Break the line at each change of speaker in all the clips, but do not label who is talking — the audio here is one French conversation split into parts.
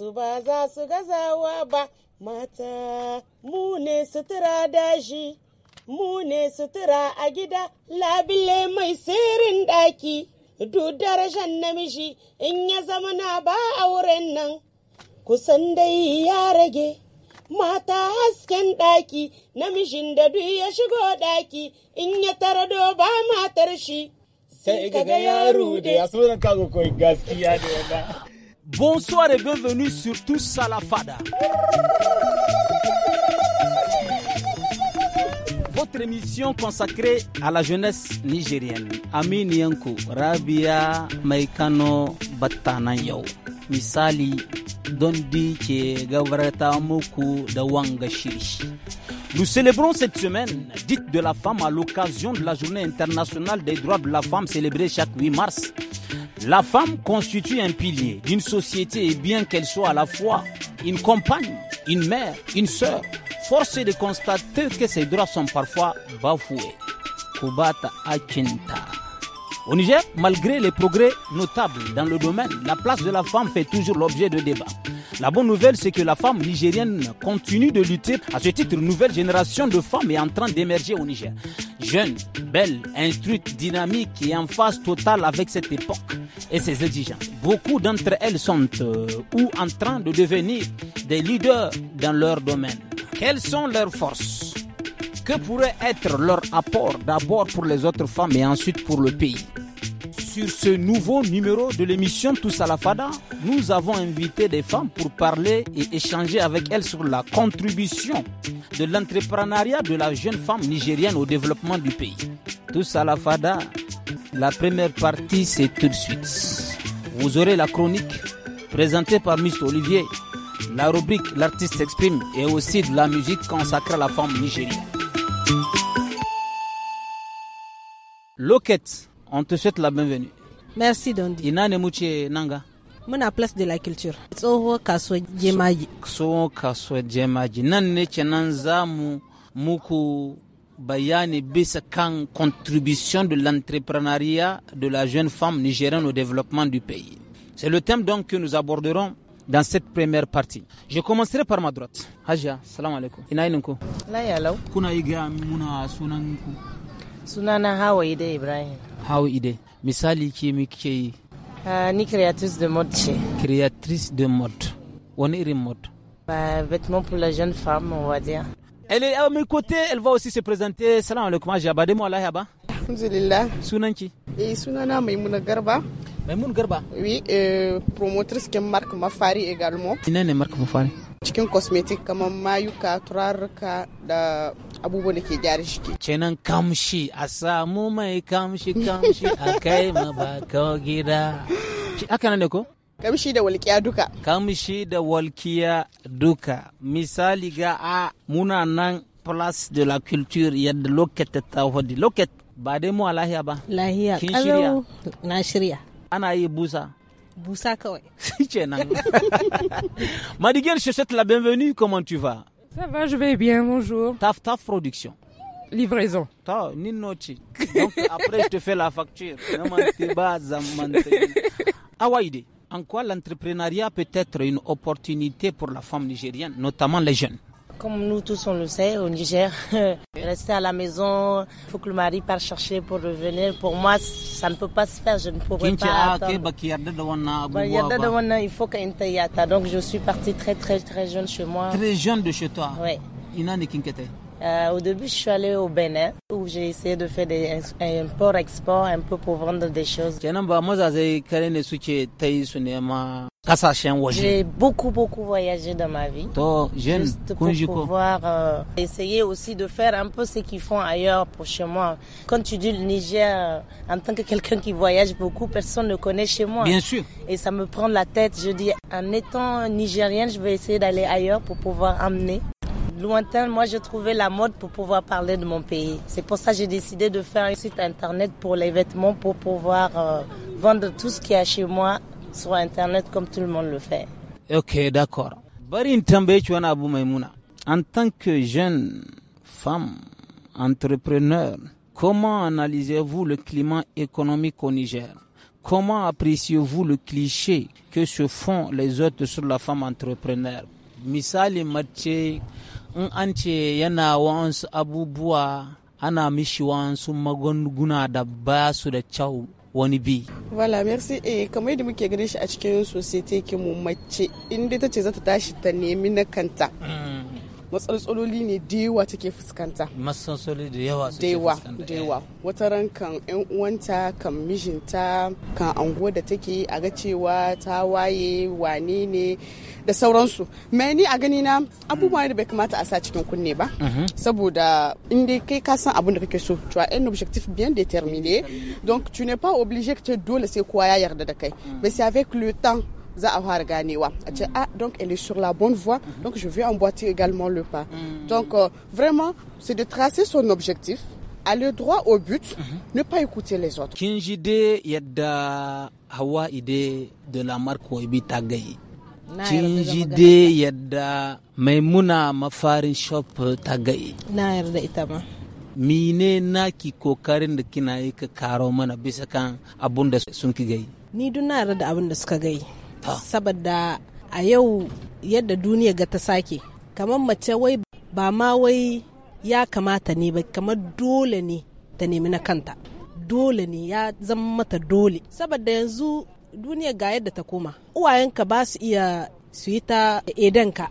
su ba za su gazawa ba mata mu ne sutura dashi mu ne sutura a gida labile mai sirin ɗaki duk darajan namiji in ya zama na ba auren nan kusan dai ya rage mata hasken ɗaki namijin da duk ya shigo ɗaki in ya tarado ba matar shi
sai ga yaro da ya sunan kago koi gaskiya da wannan Bonsoir et bienvenue sur Tous à la Fada. Votre émission consacrée à la jeunesse nigérienne. Amin Yanko, Rabia Maikano Batanayo. Misali, Dondi Che Gavrata Moku Dawanga, Nous célébrons cette semaine, dite de la femme, à l'occasion de la journée internationale des droits de la femme célébrée chaque 8 mars. La femme constitue un pilier d'une société et bien qu'elle soit à la fois une compagne, une mère, une sœur, force est de constater que ses droits sont parfois bafoués. Kubata Akinta. Au Niger, malgré les progrès notables dans le domaine, la place de la femme fait toujours l'objet de débats. La bonne nouvelle, c'est que la femme nigérienne continue de lutter. À ce titre, une nouvelle génération de femmes est en train d'émerger au Niger. Jeunes, belles, instruites, dynamiques et en phase totale avec cette époque et ses exigences. Beaucoup d'entre elles sont euh, ou en train de devenir des leaders dans leur domaine. Quelles sont leurs forces Que pourrait être leur apport d'abord pour les autres femmes et ensuite pour le pays sur ce nouveau numéro de l'émission Tous à la Fada, nous avons invité des femmes pour parler et échanger avec elles sur la contribution de l'entrepreneuriat de la jeune femme nigérienne au développement du pays. Tous à la Fada, la première partie c'est tout de suite. Vous aurez la chronique présentée par Mr Olivier, la rubrique L'artiste s'exprime et aussi de la musique consacrée à la femme nigérienne. Loquette on te souhaite la bienvenue.
Merci Dondi.
Ina ne nanga?
Muna place de la culture. Tsoho kaso jemaji.
So kaso jemaji. Nan ne kenan muku bayani bisa kan contribution de l'entrepreneuriat de la jeune femme nigérienne au développement du pays. C'est le thème donc que nous aborderons dans cette première partie. Je commencerai par ma droite. Haja, salam alaikum. Ina yininku?
La Kuna Kuna iga muna sunanku? Sunana Hawaii de Ibrahim
hawide misali ke mi yi
uh, ni créatrice de mode ce créatrice de mode on est mode bah, vêtements pour la jeune femme on va dire
elle est à mes côtés elle va aussi se présenter salam alaikum ajaba de moi là yaba
sunan ki eh sunana maimuna garba Maimoun Garba. Oui, euh, promotrice qui marque Mafari également.
ni ne marque Mafari.
chicken cosmétique kamar mayuka, turarruka da abubuwan da ke gyara shi ke.
Kenan kamshi a samu mai kamshi kamshi a kai ma ba nan ne ko? Kamshi da walƙiya duka. Kamshi da Walkia duka. Misali ga a muna nan Place de la Culture yadda loket ta hodi. Loket ba dai mu a lahiya ba. Lahiya. Kin shirya?
Na shirya. Ana yi busa. Busa kawai. Kenan.
Madigel, je souhaite la bienvenue. Comment tu vas? Ça va, je vais bien, bonjour. Taf, taf production. Livraison. Ta ni Donc après, je te fais la facture. Awaïde, ah, en quoi l'entrepreneuriat peut être une opportunité pour la femme nigérienne, notamment les jeunes
comme nous tous, on le sait, au Niger, rester à la maison, il faut que le mari parte chercher pour revenir. Pour moi, ça ne peut pas se faire, je ne pourrais pas attendre. Il faut Donc je suis partie très très très jeune chez moi. Très jeune de chez toi Oui. Euh, au début, je suis allée au Bénin où j'ai essayé de faire des import-export un peu pour vendre des choses. J'ai beaucoup, beaucoup voyagé dans ma vie.
Juste pour
pouvoir euh, essayer aussi de faire un peu ce qu'ils font ailleurs pour chez moi. Quand tu dis le Niger, euh, en tant que quelqu'un qui voyage beaucoup, personne ne connaît chez moi. Bien sûr. Et ça me prend la tête. Je dis, en étant nigérienne, je vais essayer d'aller ailleurs pour pouvoir amener lointain, moi j'ai trouvé la mode pour pouvoir parler de mon pays. C'est pour ça que j'ai décidé de faire un site internet pour les vêtements pour pouvoir euh, vendre tout ce qu'il y a chez moi sur internet comme tout le monde le fait.
Ok, d'accord. en tant que jeune femme, entrepreneur, comment analysez-vous le climat économique au Niger Comment appréciez-vous le cliché que se font les autres sur la femme entrepreneur misali Mathieu in an ce yana wa'ansu abubuwa ana mishi wa'ansu magunguna da ba su da kyau wani bi.
Wala merci eh kamar yadda muke ganin shi a cikin sosai take mu mace inda ta ce za tashi ta nemi na kanta. Mm. matsaloli ne da yawa take fuskanta matsaloli da yawa da yawa da eh. yawa wata ran kan yan uwanta kan mijinta kan ango da take a ga cewa ta waye wane ne da sauransu mai ni a gani na abubuwa da bai kamata a sa cikin kunne ba mhm. saboda in dai kai ka san abin da kake so to un objectif bien déterminé donc tu n'es pas obligé que tu sai kowa ya yarda da kai mm. mais c'est avec le temps za a fara ganewa a ce ah donc elle est sur la bonne voie donc je vais emboîter également le pas mm. donc euh, vraiment c'est de tracer son objectif aller droit au but mm-hmm. ne pas écouter les autres
kin yadda hawa ide de la marque oibi tagay
kin yadda
maimuna mafarin shop tagay
na yarda ita ma
mine naki kokarin da kina yi ka karo mana bisa kan abun da sun ki gai
ni duna na yarda da abun da suka gai saboda a yau yadda duniya ga ta sake kamar mace wai ba ma wai ya kamata ne ba kamar dole ne ta nemi na kanta dole ne ya zama mata dole saboda yanzu duniya ga yadda ta koma uwayenka ba su iya su yi ta edanka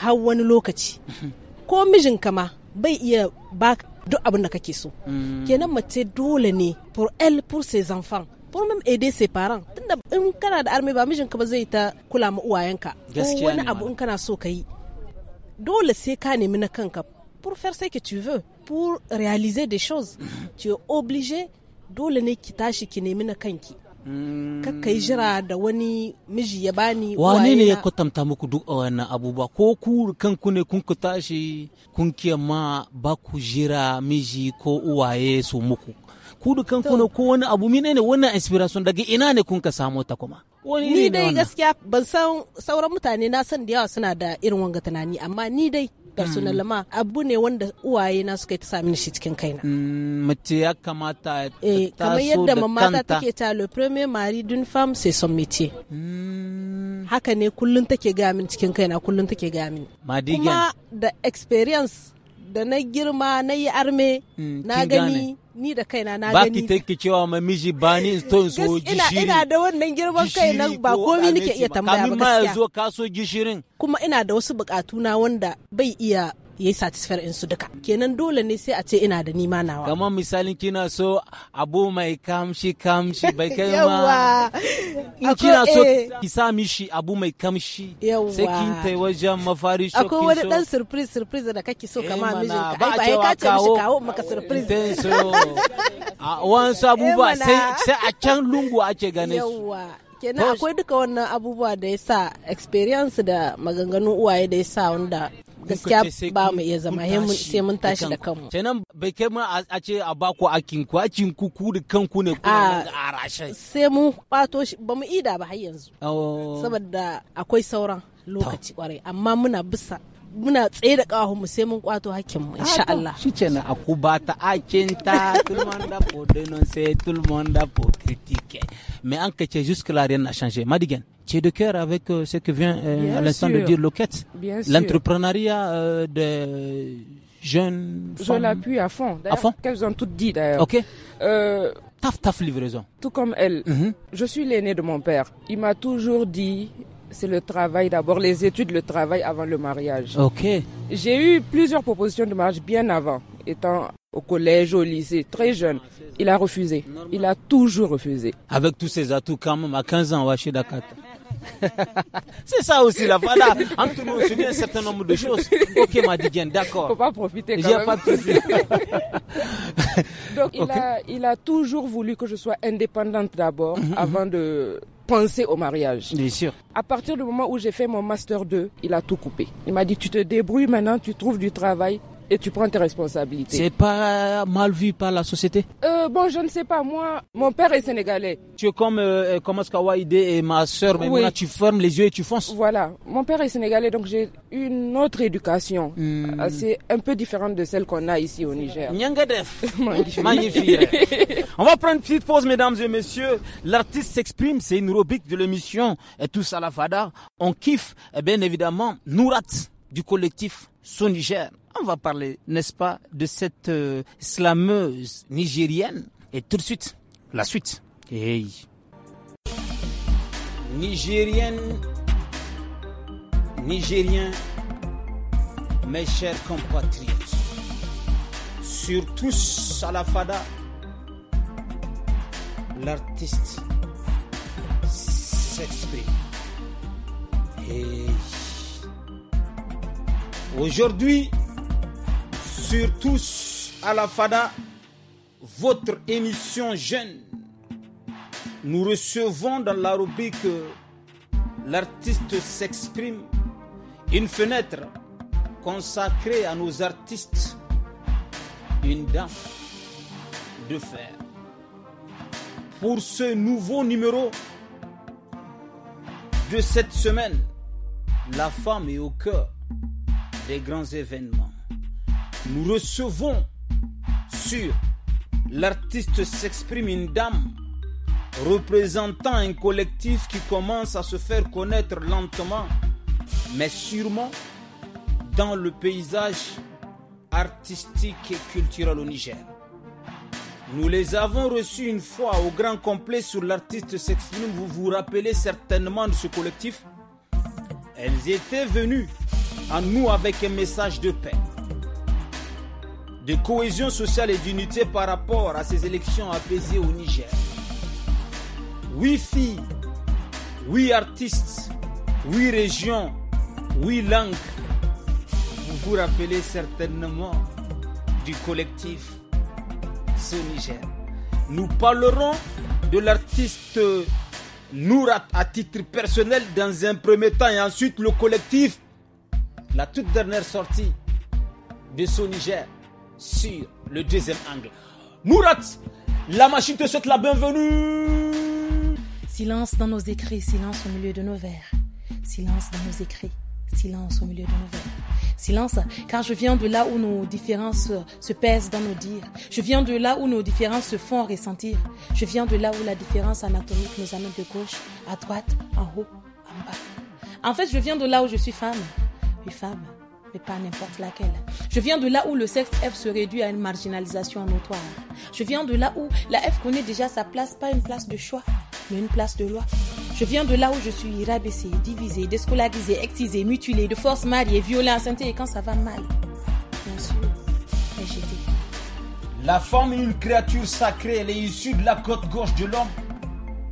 har wani lokaci ko mijinka ma bai iya ba duk abin da kake so mm. kenan mace dole ne pour elle pour ses enfants pour même aider ses parents tunda in kana da arme ba mijinka ba zai ta kula ma uwayenka ko wani abu in kana so ka yi dole sai ka nemi na kanka pour faire ce que tu veux pour réaliser des choses tu es obligé dole ne ki tashi ki nemi na kanki mm. ka kai jira da wani miji ya bani wani ne ya
kwatanta muku duk a wannan abubuwa ko ku kanku ne kun ku tashi kun kiyama ba ku jira miji ko uwaye su muku ku dukan ku ko wani abu mine ne wannan inspiration daga ina ne kun ka samo ta kuma
ni dai gaskiya ban san sauran mutane na san da yawa suna da irin wanga tunani amma ni dai personal hmm. ma abu ne wanda uwaye na suka yi ta sami shi cikin kaina
hmm, mace ya kamata
ta eh, kamar yadda ta take ta le premier mari d'une femme c'est son métier hmm. haka ne kullun take ga min cikin kaina kullun take ga min kuma da experience da na girma na yi arme mm, na gani ni da kaina na gani ba ki
take cewa ma miji ba ni to in so gishiri ina
da wannan girman kai na ba komai nake iya tambaya ba kamin ma yazo ka so gishirin kuma ina da wasu bukatu wanda bai iya ya yi in su duka kenan dole ne sai a ce ina da nima nawa kamar misalin kina so abu mai kamshi kamshi bai kai ma in kina so eh.
ki sa mishi abu mai kamshi sai kin tai wajen mafari shokin so akwai wani dan
surprise surprise da kake so kama eh, mijinka ba
a cewa kawo kawo
maka surprise
wasu eh, abubuwa sai a can lungu ake gane su
kenan akwai duka wannan abubuwa da ya sa experience da maganganun uwaye da ya sa wanda gaskiya ba mu iya zama sai mun tashi da kanmu
kenan bai kai ma a ce a ba ku akin ku akin ku ku da kanku ne ku a ah, rashe sai
mun kwato shi ba mu ida ba har yanzu
oh.
saboda akwai sauran lokaci kwarai amma muna bisa muna tsaye da mu sai mun kwato mu ah, insha Allah. Shi
ce na aku ba ta akinta, tout le monde a pour dénoncer, tout le monde a critiquer. Mais en que jusque-là, rien n'a changé. Madigan, tu es de cœur avec euh, ce que vient euh, à l'instant de dire sûr. L'entrepreneuriat de euh, des jeunes Je l'appuie à fond. À fond
Qu'elles ont toutes dit d'ailleurs. Ok. Euh,
taf, taf, livraison.
Tout comme elle. Mhm. Je suis l'aîné de mon père. Il m'a toujours dit c'est le travail d'abord, les études, le travail avant le mariage. Ok. J'ai eu plusieurs propositions de mariage bien avant, étant au collège, au lycée, très jeune. Il a refusé. Il a toujours refusé.
Avec tous ses atouts, quand même, à 15 ans, chez Dakar. c'est ça aussi, la voilà. Entre nous, on se dit un certain nombre de choses. Ok, bien, d'accord. Faut
pas profiter quand même. pas de souci. Donc, il, a, il, a, toujours voulu que je sois indépendante d'abord, mhm, mhm. avant de penser au mariage. Bien sûr. À partir du moment où j'ai fait mon master 2, il a tout coupé. Il m'a dit, tu te débrouilles maintenant, tu trouves du travail, et tu prends tes responsabilités. C'est
pas mal vu par la société euh,
Bon, je ne sais pas. Moi, mon père est sénégalais.
Tu es comme euh, euh et ma soeur, tu
fermes les yeux et tu fonces. Voilà. Mon père est sénégalais, donc j'ai une autre éducation. Hmm. Euh, c'est un peu différente de celle qu'on a ici au Niger. Nyangadef. Magnifique.
On va prendre une petite pause, mesdames et messieurs. L'artiste s'exprime, c'est une rubrique de l'émission. Et euh, tous à la fada. On kiffe, et bien évidemment, Nourat du collectif Son Niger. On va parler, n'est-ce pas, de cette euh, slameuse nigérienne. Et tout de suite, la suite. Nigérienne, Nigérien, mes chers compatriotes, surtout Salafada, l'artiste s'exprime. Et aujourd'hui, sur tous à la FADA, votre émission jeune. Nous recevons dans la rubrique L'artiste s'exprime une fenêtre consacrée à nos artistes, une dame de fer. Pour ce nouveau numéro de cette semaine, la femme est au cœur des grands événements nous recevons sur L'artiste s'exprime une dame représentant un collectif qui commence à se faire connaître lentement, mais sûrement dans le paysage artistique et culturel au Niger. Nous les avons reçus une fois au grand complet sur l'artiste s'exprime. Vous vous rappelez certainement de ce collectif. Elles étaient venues à nous avec un message de paix de cohésion sociale et d'unité par rapport à ces élections apaisées au Niger. Oui filles, oui artistes, oui régions, oui langues. Vous vous rappelez certainement du collectif Ce Niger. Nous parlerons de l'artiste Nourat à titre personnel dans un premier temps et ensuite le collectif. La toute dernière sortie de Ce Niger sur le deuxième angle. Mourat, la machine te souhaite la bienvenue. Silence dans nos écrits, silence au milieu
de nos vers. Silence dans nos écrits, silence au milieu de nos vers. Silence, car je viens de là où nos différences se pèsent dans nos dires. Je viens de là où nos différences se font ressentir. Je viens de là où la différence anatomique nous amène de gauche à droite, en haut, en bas. En fait, je viens de là où je suis femme. Puis femme, mais pas n'importe laquelle. Je viens de là où le sexe F se réduit à une marginalisation notoire. Je viens de là où la F connaît déjà sa place, pas une place de choix, mais une place de loi. Je viens de là où je suis rabaissée, divisée, déscolarisée, excisée, mutilée, de force mariée, violée, enceintée et quand ça va mal.
Bien sûr, La femme est une créature sacrée, elle est issue de la côte gauche de l'homme,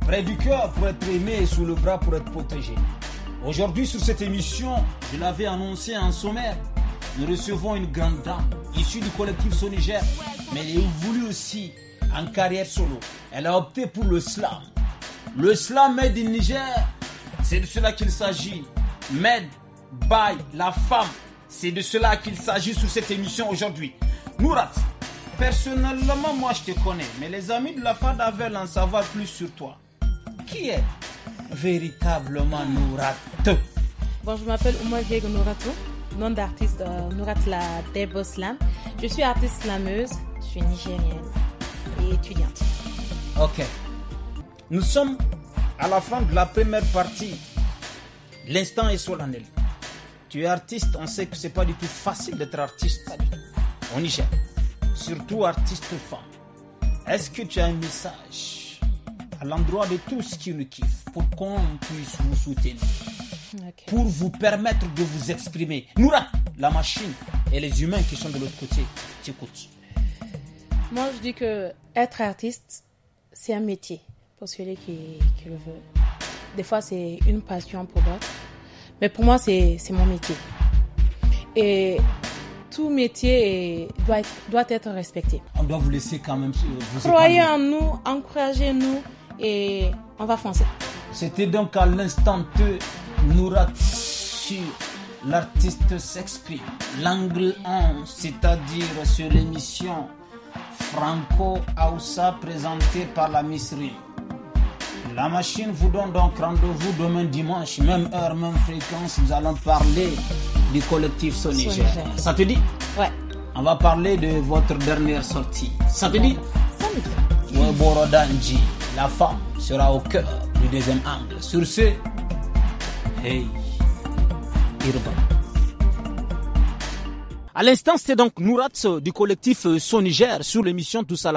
près du cœur pour être aimée et sous le bras pour être protégée. Aujourd'hui, sur cette émission, je l'avais annoncé en sommaire. Nous recevons une grande dame issue du collectif Soniger, mais elle est voulu aussi en carrière solo. Elle a opté pour le slam. Le slam Made in Niger, c'est de cela qu'il s'agit. Made by la femme, c'est de cela qu'il s'agit sur cette émission aujourd'hui. Nourat, personnellement, moi je te connais, mais les amis de la femme veulent en savoir plus sur toi. Qui est véritablement Nouratou.
Bon, je m'appelle Oumar Nourato, nom d'artiste euh, Nouratla Debo Slam. Je suis artiste slameuse, je suis nigérienne et étudiante.
Ok. Nous sommes à la fin de la première partie. L'instant est solennel. Tu es artiste, on sait que c'est pas du tout facile d'être artiste au Niger. Surtout artiste femme. Est-ce que tu as un message à l'endroit de tous qui nous kiffent pour qu'on puisse vous soutenir. Pour vous permettre de vous exprimer. Noura, la machine et les humains qui sont de l'autre côté, t'écoutes.
Moi, je dis que être artiste, c'est un métier pour celui qui, le veut. Des fois, c'est une passion pour d'autres. Mais pour moi, c'est mon métier. Et tout métier doit être, doit être respecté.
On doit vous laisser quand même. Euh, vous Croyez
en nous, encouragez-nous et on va foncer.
C'était donc à l'instant que Nourat sur l'artiste s'exprime. L'angle 1, c'est-à-dire sur l'émission Franco Aoussa présentée par la Misserie. La machine vous donne donc rendez-vous demain dimanche, même heure, même fréquence. Nous allons parler du collectif Soniger. Ça te dit Ouais. On va parler de votre dernière sortie. Ça te dit Ça Borodanji la femme sera au cœur du deuxième angle. Sur ce, hey, Irba. À l'instant, c'est donc Nourat du collectif euh, Son Niger sur l'émission Tous à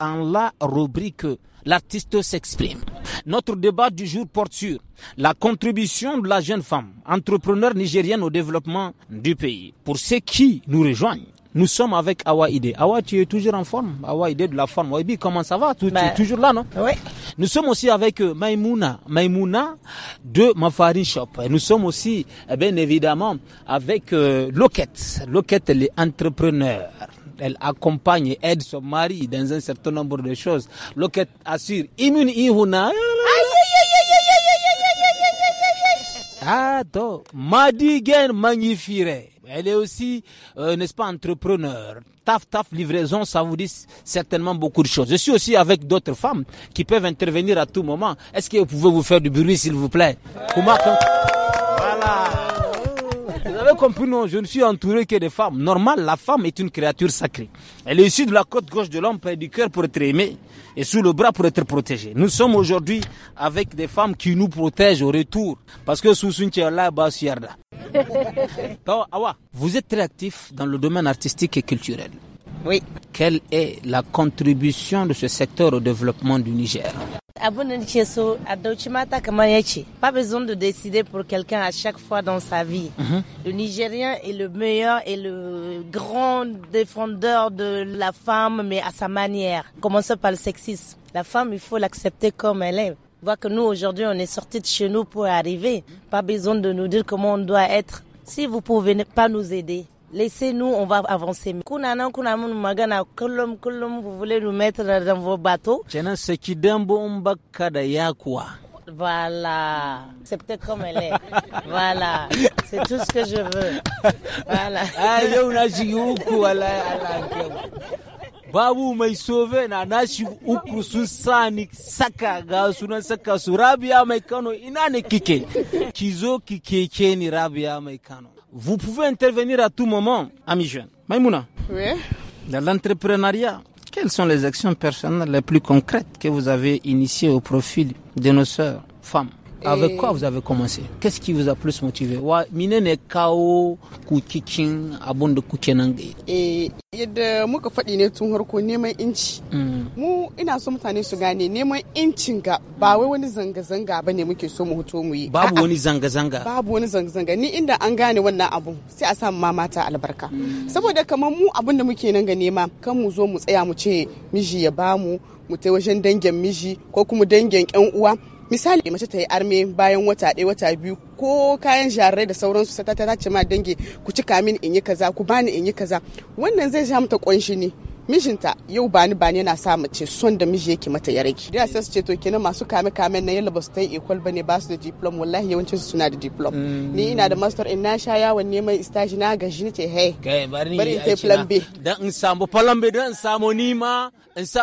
en la rubrique L'artiste s'exprime. Notre débat du jour porte sur la contribution de la jeune femme, entrepreneur nigérienne au développement du pays. Pour ceux qui nous rejoignent, nous sommes avec Ide. Awa, tu es toujours en forme. Ide de la forme. Waibi, comment ça va tu, es toujours là, non Oui. Nous sommes aussi avec Maimouna. Maimouna de Mafari Shop. Nous sommes aussi, eh bien évidemment, avec euh, Loquette. Loquette, elle est entrepreneur. Elle accompagne aide son mari dans un certain nombre de choses. Loquette assure Immune Ihuna. Ah, Madigen magnifique. Elle est aussi, euh, n'est-ce pas, entrepreneur. Taf, taf, livraison, ça vous dit certainement beaucoup de choses. Je suis aussi avec d'autres femmes qui peuvent intervenir à tout moment. Est-ce que vous pouvez vous faire du bruit, s'il vous plaît Voilà je ne suis entouré que des femmes. Normal, la femme est une créature sacrée. Elle est issue de la côte gauche de l'homme, du cœur pour être aimée et sous le bras pour être protégée. Nous sommes aujourd'hui avec des femmes qui nous protègent au retour. Parce que sous là Vous êtes très actif dans le domaine artistique et culturel. Oui. Quelle est la contribution de ce secteur au développement du Niger
pas besoin de décider pour quelqu'un à chaque fois dans sa vie mhm. le nigérien est le meilleur et le grand défendeur de la femme mais à sa manière commencez par le sexisme la femme il faut l'accepter comme elle est vois que nous aujourd'hui on est sortis de chez nous pour arriver pas besoin de nous dire comment on doit être si vous pouvez pas nous aider Laissez-nous, on va avancer. Kunana, kunamun magana, kulum kulum, vous voulez nous mettre dans vos bateaux? Chena seki dambo mbaka da yakwa. Voilà, c'est peut-être comme elle voilà, c'est tout ce que je veux. voilà.
Ah, yo na jiyuku ala ala. Babu mai sove na nashi uku su sani saka ga sunan saka su Rabia mai Kano ina ne kike? Ki zo ki ni Rabia mai Kano. Vous pouvez intervenir à tout moment, amis jeunes. Maïmouna. Oui. Dans l'entrepreneuriat, quelles sont les actions personnelles les plus concrètes que vous avez initiées au profil de nos sœurs femmes Avec quoi vous avez commencé Qu'est-ce qui vous a plus motivé Wa menene kawo kukikin cikin abun da kuke nan gai?
Eh, yadda muka faɗi ne tun harko neman inci. Mm. Mu ina so mutane su gane neman incin ga ba wai wani zanga-zanga ba ne muke so mu hoto mu yi. Babu wani
zanga-zanga.
Babu wani zanga-zanga ni inda an gane wannan abun sai a samu ma mata albarka. Mm. Saboda kamar mu abun da muke nan ga nema kan mu zo mu tsaya mu ce miji ya bamu mu tai wajen dangin miji ko kuma dangin 'yan uwa misali mace ta yi arme bayan wata ɗaya wata biyu ko kayan jarirai da sauransu sai ta ce ma dangi ku cika min in yi kaza ku bani in yi kaza wannan zai sha mata ƙunshi ne mijinta yau ba ni ba ni yana sa mace son da miji yake mata ya rage da sai su ce to kenan masu kame kame na yalla ba su tan equal bane ba su da diploma wallahi yawancin su suna da diploma mm. ni ina da master in na sha yawon neman stage na ga shi ce hey bari in kai plan B
dan in samu plan B dan in samu ni ma in sa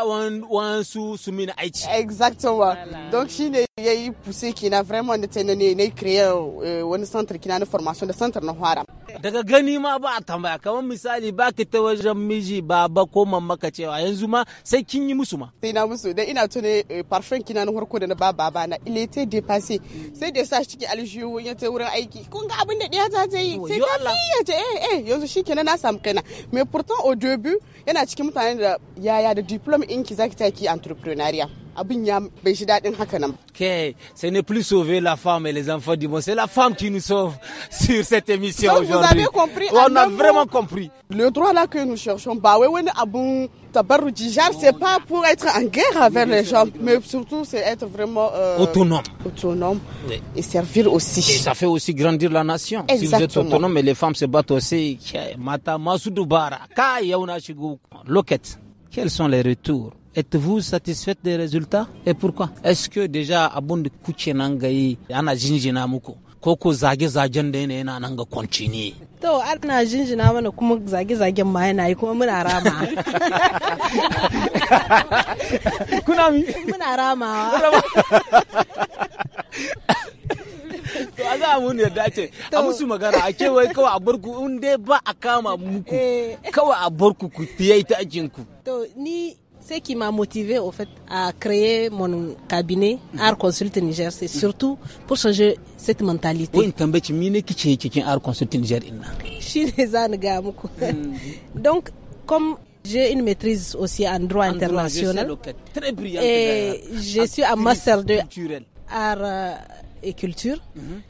wansu
su mini aici exactement donc shine yayi puse kina vraiment da tana ne ne create eh, wani center kina na formation da center na fara
daga gani ma ba a tambaya kamar misali ba ki ta wajen miji baba ko saman maka cewa yanzu ma sai kin yi musu ma
sai na musu dan ina tune eh, parfum kina na farko da na ba ba na il était dépassé sai da sa shi cikin aljihu ya ta wurin aiki kun ga abin da diya ta oh, ta yi sai ta fiye ta eh eh yanzu kenan na samu kana mais pourtant au début yana cikin mutane da yaya da diploma ɗinki zaki ta ki entrepreneuriat Ok,
ce n'est plus sauver la femme et les enfants du monde, c'est la femme qui nous sauve sur cette émission aujourd'hui. On a vraiment compris.
Le droit là que nous cherchons, bah ouais, c'est pas pour être en guerre avec les gens, mais surtout c'est être vraiment euh, autonome. Autonome et servir aussi. ça
fait aussi grandir la nation. Exactement. Si vous êtes autonome et les femmes se battent aussi, Mata Loket. Quels sont les retours Êtes-vous satisfaite des résultats et pourquoi? Est-ce que déjà abun da kuke nan jinjina muku? ko ko zage-zagen da yana continue.
To ana jinjina mana kuma zage-zagen ma na yi kuma muna rama.
a za mu ne dace kawai a barku in dai ba a kama muku eh. ku fiye
ni Ce qui m'a motivé au fait à créer mon cabinet mhm. Art Consult Niger, c'est mhm. surtout pour changer cette mentalité. Donc comme j'ai une maîtrise aussi en droit international.
Et je
suis un master de art euh, et culture. Mhm.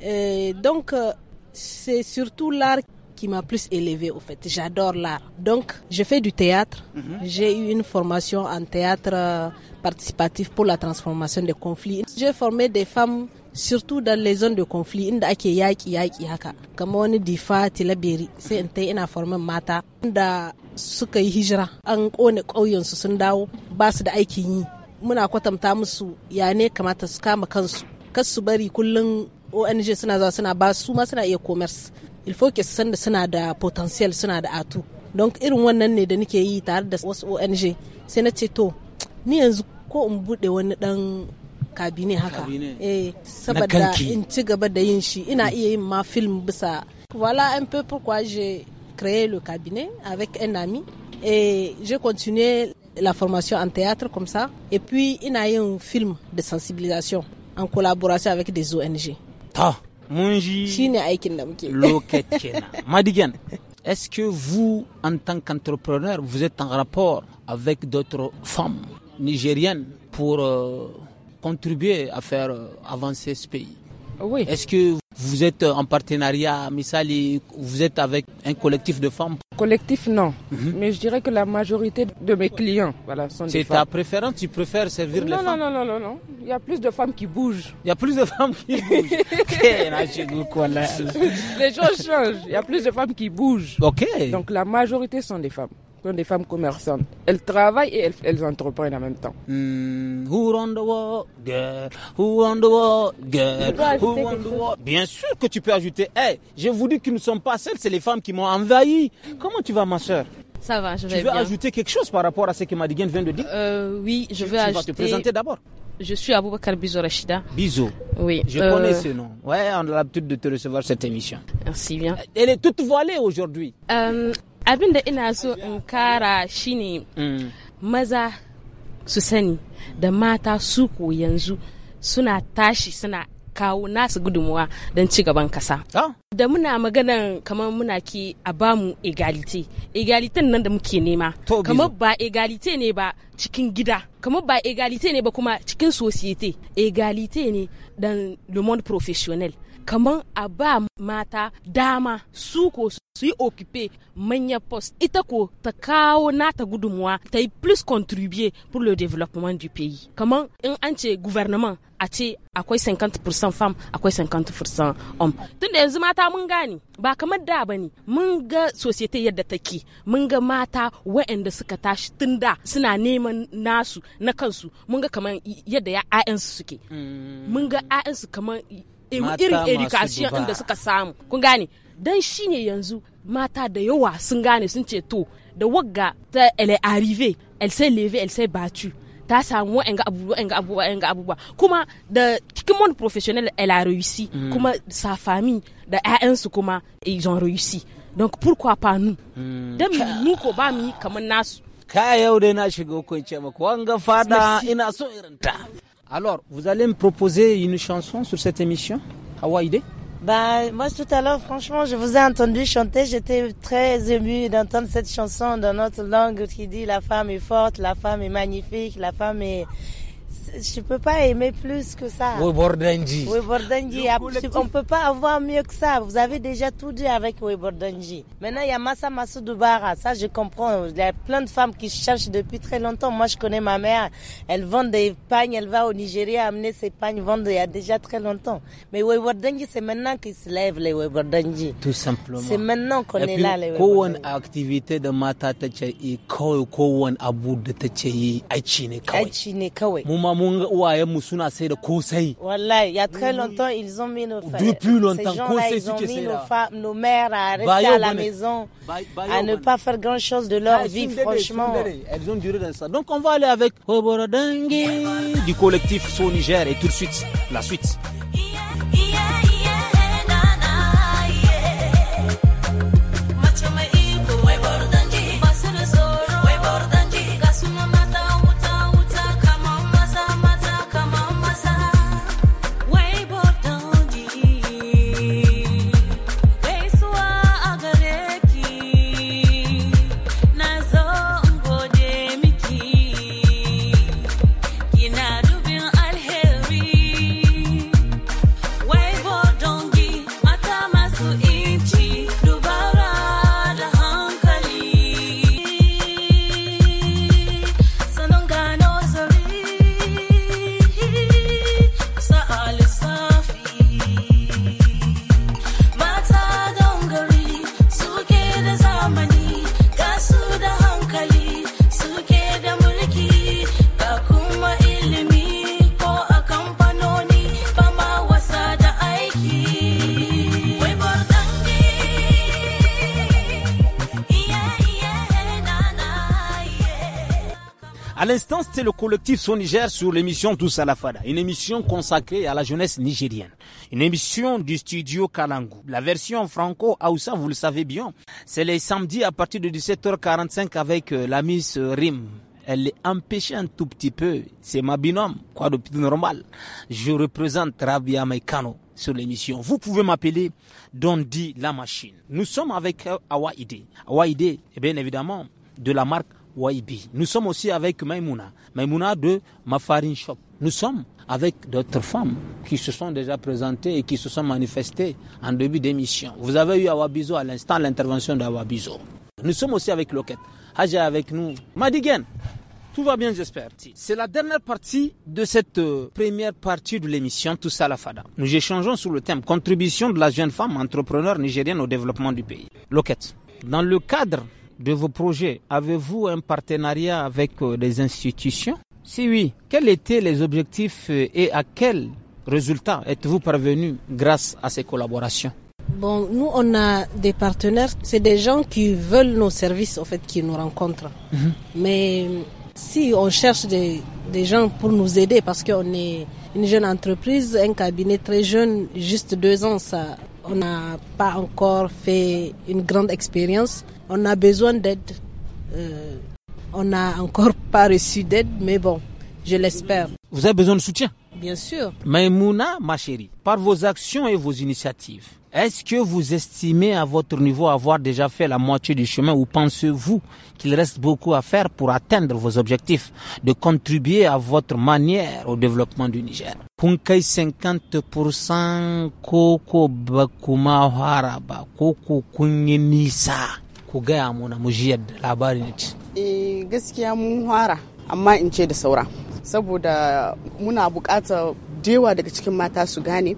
et donc euh, c'est surtout l'art qui m'a plus élevée au fait. J'adore l'art. Donc, je fais du théâtre. Mhm. J'ai eu une formation en théâtre euh, participatif pour la transformation des conflits. J'ai formé des femmes surtout dans les zones de conflit inda ake yaki yaki haka kamar wani difa tilaberi sai in ta ina formin mata da suka yi hijira an kone ƙauyensu sun dawo su da aikin yi muna kwatanta musu ya ne kamata su kama kansu kas su bari kullum ong suna zuwa suna ba ma suna iya commerce il faut que san da suna da potential suna da atu donc irin wannan ne da nake yi tare da wasu ONG sai na ce to ni yanzu ko in bude wani dan kabine haka eh saboda in ci gaba da yin shi ina mm. iya yin ma film bisa voilà un peu pourquoi j'ai créé le cabinet avec un ami et j'ai continué la formation en théâtre comme ça et puis il y ina un film de sensibilisation en collaboration avec des ONG ah. madigan est-ce que
vous en tant qu'entrepreneur vous êtes en rapport avec d'autres femmes nigériennes pour euh, contribuer à faire euh, avancer ce pays oui. Est-ce que vous êtes en partenariat, Missali, vous êtes avec un collectif de femmes
Collectif, non. Mhm. Mais je dirais que la majorité de mes clients voilà, sont des femmes. C'est ta préférence Tu préfères servir les femmes Non, non, non, non. Il y a plus de femmes qui bougent. Il y a plus de femmes qui bougent. les choses changent. Il y a plus de femmes qui bougent. OK. Donc la majorité sont des femmes des femmes commerçantes. Elles travaillent et elles, elles entreprennent en même temps. Hmm, on
Bien sûr que tu peux ajouter. hey, je vous dis qu'ils ne sont pas seuls. c'est les femmes qui m'ont envahi. Comment tu vas, ma soeur
ça va, je vais Tu veux ajouter
quelque chose par rapport à ce que Madigan vient de dire euh, Oui, je vais ajouter. Tu vas te présenter
d'abord. Je suis Aboubakar Bizo Rachida. Bizo.
Oui. Je connais euh, ce nom. Ouais, on a l'habitude de te recevoir cette émission. Merci bien.
Elle est toute voilée aujourd'hui. Euh, abin da ina so in kara shine mm. maza su sani da mata su ko yanzu suna tashi suna kawo nasu gudunmuwa don ci gaban kasa. Ah. Da muna maganan kamar muna ke a bamu egalite, egalite nan da muke nema, kamar ba egalite ne ba cikin gida, kamar ba egalite ne ba kuma cikin societe, egalite ne dan le monde professionnel. kamar a ba mata dama su ko su yi okipe manyan post ita ko ta kawo nata gudunmuwa ta yi plus contribue pour le développement du pays kamar in an ce gouvernement a ce akwai 50% fam akwai 50% om tun da yanzu mata mun gane ba kamar da ba ne mun ga society yadda take mun ga mata waɗanda suka tashi tun da suna neman nasu na kansu mun ga kamar yadda ya ayansu suke mm. mun ga ayansu kamar irin education inda da suka samu kun gane dan shine yanzu mata da yawa sun gane sun ce to da wagga ta elle arrive elle s'est levée elle s'est battue ta samu ga abubuwa ga abubuwa ga abubuwa kuma da cikin monde professionnel elle a réussi mm. kuma sa famille da ƴaƴansu kuma ils ont réussi donc pourquoi pas nous mm. dan mu ko ba mu kamar nasu
ka yau dai na shiga hukunce maka wanga fada ina
so irin ta Alors, vous allez me proposer une chanson sur cette émission, Hawaïde bah, moi tout à l'heure, franchement, je vous ai entendu chanter. J'étais très ému d'entendre cette chanson dans notre langue qui dit la femme est forte, la femme est magnifique, la femme est, je peux pas aimer plus que ça. Oui, Bordanji. Oui, On peut pas avoir mieux que ça. Vous avez déjà tout dit avec Oui, Maintenant, il y a Massa Dubara. Ça, je comprends. Il y a plein de femmes qui cherchent depuis très longtemps. Moi, je connais ma mère. Elle vend des pagnes. Elle va au Nigeria amener ses pagnes vendre il y a déjà très longtemps. Mais Oui, c'est maintenant qu'ils se lèvent, les Oui,
Tout simplement. C'est maintenant qu'on est là, les Oui. Kowane activité de mata de
il y a très longtemps, ils ont mis nos femmes. Depuis longtemps, ils ont mis Nos mères à rester à la maison, à ne
pas faire grand chose de leur ah, vie, franchement. Elles ont duré dans ça. Donc, on va aller avec
Oborodangi
du collectif So Niger et tout de suite, la suite. le collectif Son Niger sur l'émission Tous à Fada, une émission consacrée à la jeunesse nigérienne, une émission du studio Kalangu. La version franco aoussa vous le savez bien, c'est les samedis à partir de 17h45 avec euh, la Miss Rim elle est empêchée un tout petit peu. C'est ma binôme, quoi de plus normal. Je représente Rabia Mekano sur l'émission. Vous pouvez m'appeler Dondi la machine. Nous sommes avec euh, Awa Ide. Awa Ide, bien évidemment, de la marque Waibi. Nous sommes aussi avec Maimouna, Maimouna de Mafarin Shop. Nous sommes avec d'autres femmes qui se sont déjà présentées et qui se sont manifestées en début d'émission. Vous avez eu Awabizo à l'instant, l'intervention d'Awabizo. Nous sommes aussi avec Loket, Haja avec nous. Madigen, tout va bien, j'espère. C'est la dernière partie de cette euh, première partie de l'émission Tout ça la Fada. Nous échangeons sur le thème contribution de la jeune femme entrepreneur nigérienne au développement du pays. Loket, dans le cadre de vos projets, avez-vous un partenariat avec euh, des institutions Si oui, quels étaient les objectifs euh, et à quels résultats êtes-vous parvenu grâce à ces collaborations
Bon, nous, on a des partenaires, c'est des gens qui veulent nos services, en fait, qui nous rencontrent. Mhm. Mais si on cherche des, gens pour nous aider, parce qu'on est une jeune entreprise, un cabinet très jeune, juste deux ans, ça, on n'a pas encore fait une grande expérience on a besoin d'aide. Euh, on n'a encore pas reçu d'aide, mais bon, je l'espère.
Vous avez besoin de soutien Bien sûr. Maïmouna, ma chérie, par vos actions et vos initiatives, est-ce que vous estimez à votre niveau avoir déjà fait la moitié du chemin ou pensez-vous qu'il reste beaucoup à faire pour atteindre vos objectifs, de contribuer à votre manière au développement du Niger Punkai 50% Koko Bakuma ku gaya muna mu ji yadda labarin ya ci.
Eh, gaskiya mun fara amma in ce da saura saboda muna buƙatar dewa daga cikin mata su gane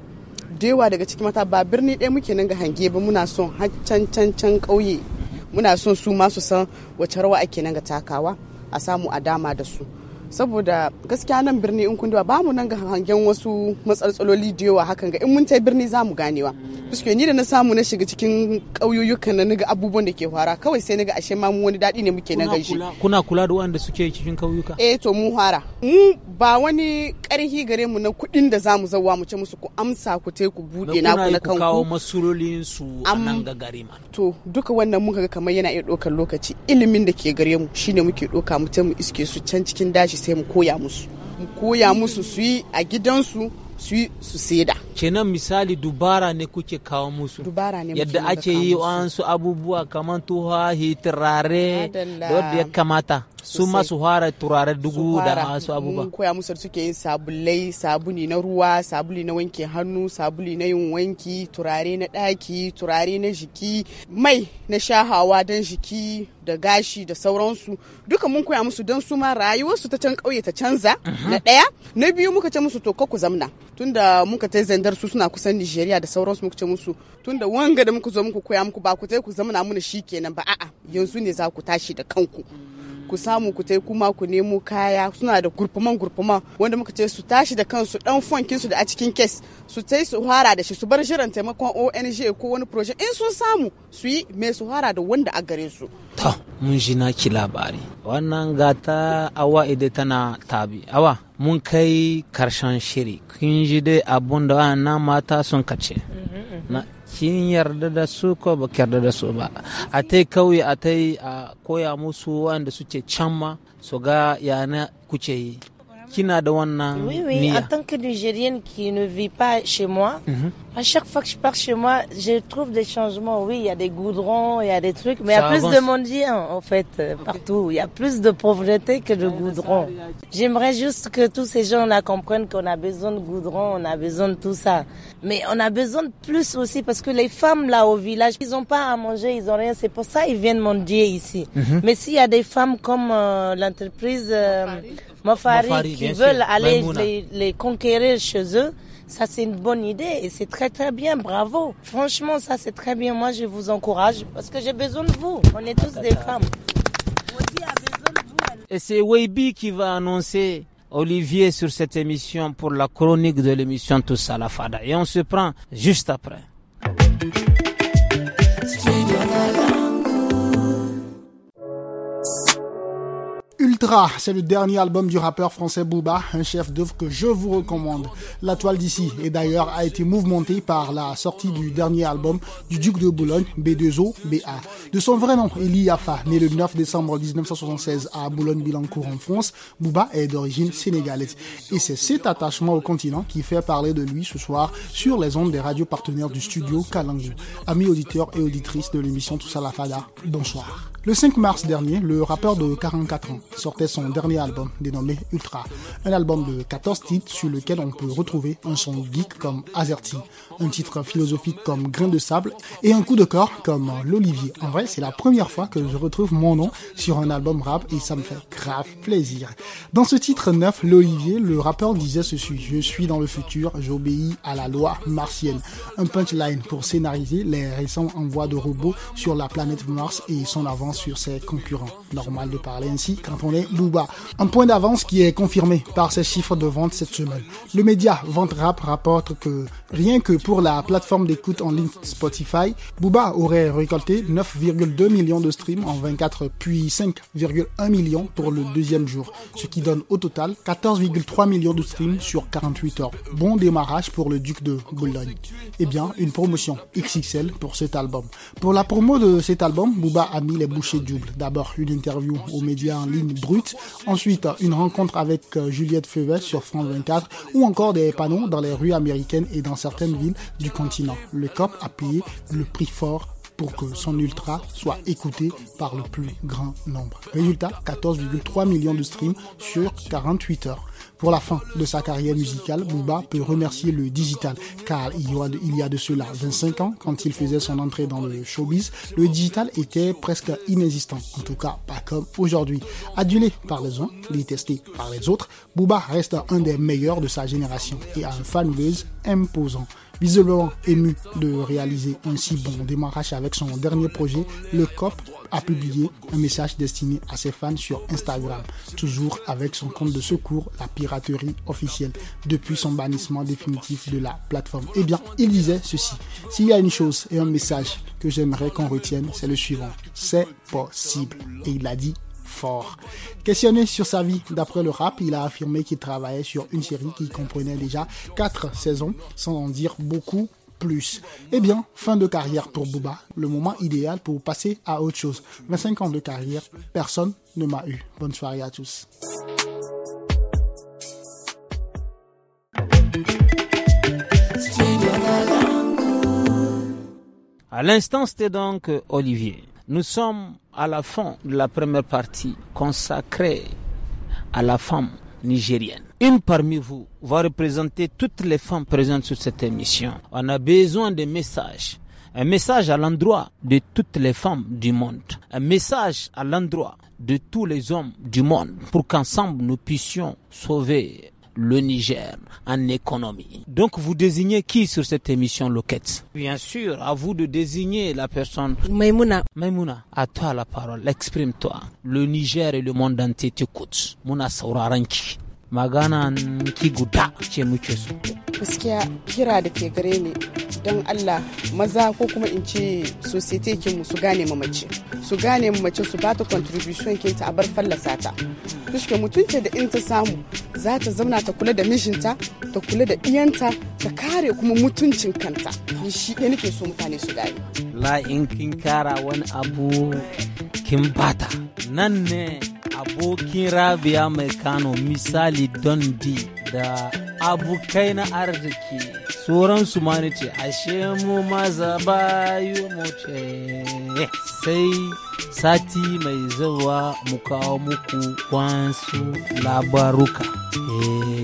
dewa daga cikin mata ba birni ɗaya muke nan ga hange ba muna son can can can ƙauye muna son su masu san wace rawa ake nan ga takawa a samu a dama da su saboda gaskiya nan birni in kun ba mu nan ga hangen wasu matsaltsaloli da yawa hakan ga in mun tai birni za mu ganewa biske ni da na samu na shiga cikin ƙauyuyyukan na niga abubuwan da ke fara kawai sai niga ashe ma mu wani daɗi ne muke na gaishe
kuna kula da wanda suke cikin ƙauyuka eh
to mu fara mu ba wani ƙarhi gare mu na kuɗin da za mu zawa mu ce musu ku amsa ku tai ku buɗe na ku na kanku kawo
masulolin su a nan ga gare ma
to duka wannan muka ga kamar yana iya ɗaukar lokaci ilimin da ke gare mu shine muke ɗauka mu ta mu iske su can cikin dashi sai mu koya musu mu koya musu su yi a gidansu su yi su seda kenan misali
dubara ne kuke kawo musu dubara ne yadda ake yi su abubuwa kamar tuha hitirare da wadda ya kamata su masu fara turare dugu da masu abubuwa mun
koya musu suke yin sabulai sabuli na ruwa sabuli na wanke hannu sabuli na yin wanki turare na daki turare na jiki mai na shahawa don jiki da gashi da sauransu duka mun koya musu don su ma rayuwarsu ta can kauye ta canza na ɗaya na biyu muka ce musu to ku zamna tunda muka ta zandar su suna kusan Nijeriya da sauransu muka ce musu tunda wanga da muka zo muku koya muku ba ku ta ku zamna muna kenan ba a'a yanzu ne za ku tashi da kanku ku samu ku tai kuma ku nemo kaya suna da gurfuman gurfuman wanda muka ce su tashi da kansu dan fonkin su da a cikin kes su tai su fara da shi su bar shirin taimakon ONG ko wani project in sun samu su yi me su fara da wanda a gare su to
mun ji ki labari wannan gata awa ide tana tabi awa mun kai karshen shiri kin ji dai abun da wannan mata sun kace
mm-hmm, mm-hmm.
kin yarda da su ko ba yarda da su ba a ta kauye a ta a koya musu wanda suke can ma su ga yana kuce yi kina da wannan oui, oui, niyya en
tant que nigérienne qui ne vit pas chez moi mhm. À chaque fois que je pars chez moi, je trouve des changements. Oui, il y a des goudrons, il y a des trucs, mais il y a plus de mendiants, en fait, euh, partout. Il y a plus de pauvreté que de goudrons. J'aimerais juste que tous ces gens-là comprennent qu'on a besoin de goudrons, on a besoin de tout ça. Mais on a besoin de plus aussi, parce que les femmes, là, au village, ils n'ont pas à manger, ils n'ont rien. C'est pour ça qu'ils viennent mendier ici. Mhm. Mais s'il y a des femmes comme euh, l'entreprise euh, qui veulent aller les conquérir chez eux, ça, c'est une bonne idée et c'est très très bien. Bravo. Franchement, ça, c'est très bien. Moi, je vous encourage parce que j'ai besoin de vous. On est tous des femmes. Et c'est Weibi qui va annoncer
Olivier sur cette émission pour la chronique de l'émission Tous à la Fada. Et on se prend juste après.
Ultra, c'est le dernier album du rappeur français Booba, un chef d'œuvre que je vous recommande. La toile d'ici, et d'ailleurs, a été mouvementée par la sortie du dernier album du duc de Boulogne, B2O, BA. De son vrai nom, Eli né le 9 décembre 1976 à Boulogne-Billancourt en France, Booba est d'origine sénégalaise. Et c'est cet attachement au continent qui fait parler de lui ce soir sur les ondes des radios partenaires du studio Kalangu. Amis auditeurs et auditrices de l'émission Tout la Fada, bonsoir. Le 5 mars dernier, le rappeur de 44 ans sortait son dernier album dénommé Ultra, un album de 14 titres sur lequel on peut retrouver un son geek comme Azerty, un titre philosophique comme Grain de sable et un coup de corps comme L'Olivier. En vrai, c'est la première fois que je retrouve mon nom sur un album rap et ça me fait grave plaisir. Dans ce titre neuf, L'Olivier, le rappeur disait ceci Je suis dans le futur, j'obéis à la loi martienne. Un punchline pour scénariser les récents envois de robots sur la planète Mars et son avant sur ses concurrents. Normal de parler ainsi quand on est Booba. Un point d'avance qui est confirmé par ses chiffres de vente cette semaine. Le média Vente Rap rapporte que rien que pour la plateforme d'écoute en ligne Spotify, Booba aurait récolté 9,2 millions de streams en 24 puis 5,1 millions pour le deuxième jour, ce qui donne au total 14,3 millions de streams sur 48 heures. Bon démarrage pour le duc de Boulogne. Eh bien, une promotion XXL pour cet album. Pour la promo de cet album, Booba a mis les double. D'abord une interview aux médias en ligne brut, ensuite une rencontre avec euh, Juliette Feuvel sur France 24 ou encore des panneaux dans les rues américaines et dans certaines villes du continent. Le COP a payé le prix fort pour que son ultra soit écouté par le plus grand nombre. Résultat, 14,3 millions de streams sur 48 heures. Pour la fin de sa carrière musicale, Booba peut remercier le digital, car il y a de cela 25 ans, quand il faisait son entrée dans le showbiz, le digital était presque inexistant, en tout cas pas comme aujourd'hui. Adulé par les uns, détesté par les autres, Booba reste un des meilleurs de sa génération et a un fanbase imposant. Visiblement ému de réaliser un si bon démarrage avec son dernier projet, le COP a publié un message destiné à ses fans sur Instagram, toujours avec son compte de secours, la piraterie officielle, depuis son bannissement définitif de la plateforme. Eh bien, il disait ceci. S'il y a une chose et un message que j'aimerais qu'on retienne, c'est le suivant. C'est possible. Et il a dit fort. Questionné sur sa vie d'après le rap, il a affirmé qu'il travaillait sur une série qui comprenait déjà 4 saisons, sans en dire beaucoup plus. Eh bien, fin de carrière pour Bouba, le moment idéal pour passer à autre chose. 25 ans de carrière, personne ne m'a eu. Bonne soirée à tous.
À l'instant, c'était donc euh, Olivier. Nous sommes à la fin de la première partie consacrée à la femme nigérienne une parmi vous va représenter toutes les femmes présentes sur cette émission. On a besoin de messages. Un message à l'endroit de toutes les femmes du monde. Un message à l'endroit de tous les hommes du monde pour qu'ensemble nous puissions sauver le Niger en économie. Donc vous désignez qui sur cette émission Loquette Bien sûr, à vous de désigner la personne. Maimouna. Maimouna, à toi la parole, exprime-toi. Le Niger et le monde entier t'écoutent. Mouna Sauraranki. magana ki guda ce muke su.
gaskiya kira da ke gare ni don allah maza ko kuma in ce su kinmu su gane mace su gane mace su bata contribution kinta a bar fallasa ta kuske mutunce da in ta samu za ta zauna ta kula da mijinta ta kula da iyanta ta kare kuma mutuncin kanta ni shi ɗaya nake so mutane su gane
la in kin kara wani abu kin bata nan ne abokin rabia mai kano misali don di da abokai na arziki sauransu ma ce ashe mu maza bayu mu ce sai sati mai zawa mu kawo muku wansu labaruka.
Eh.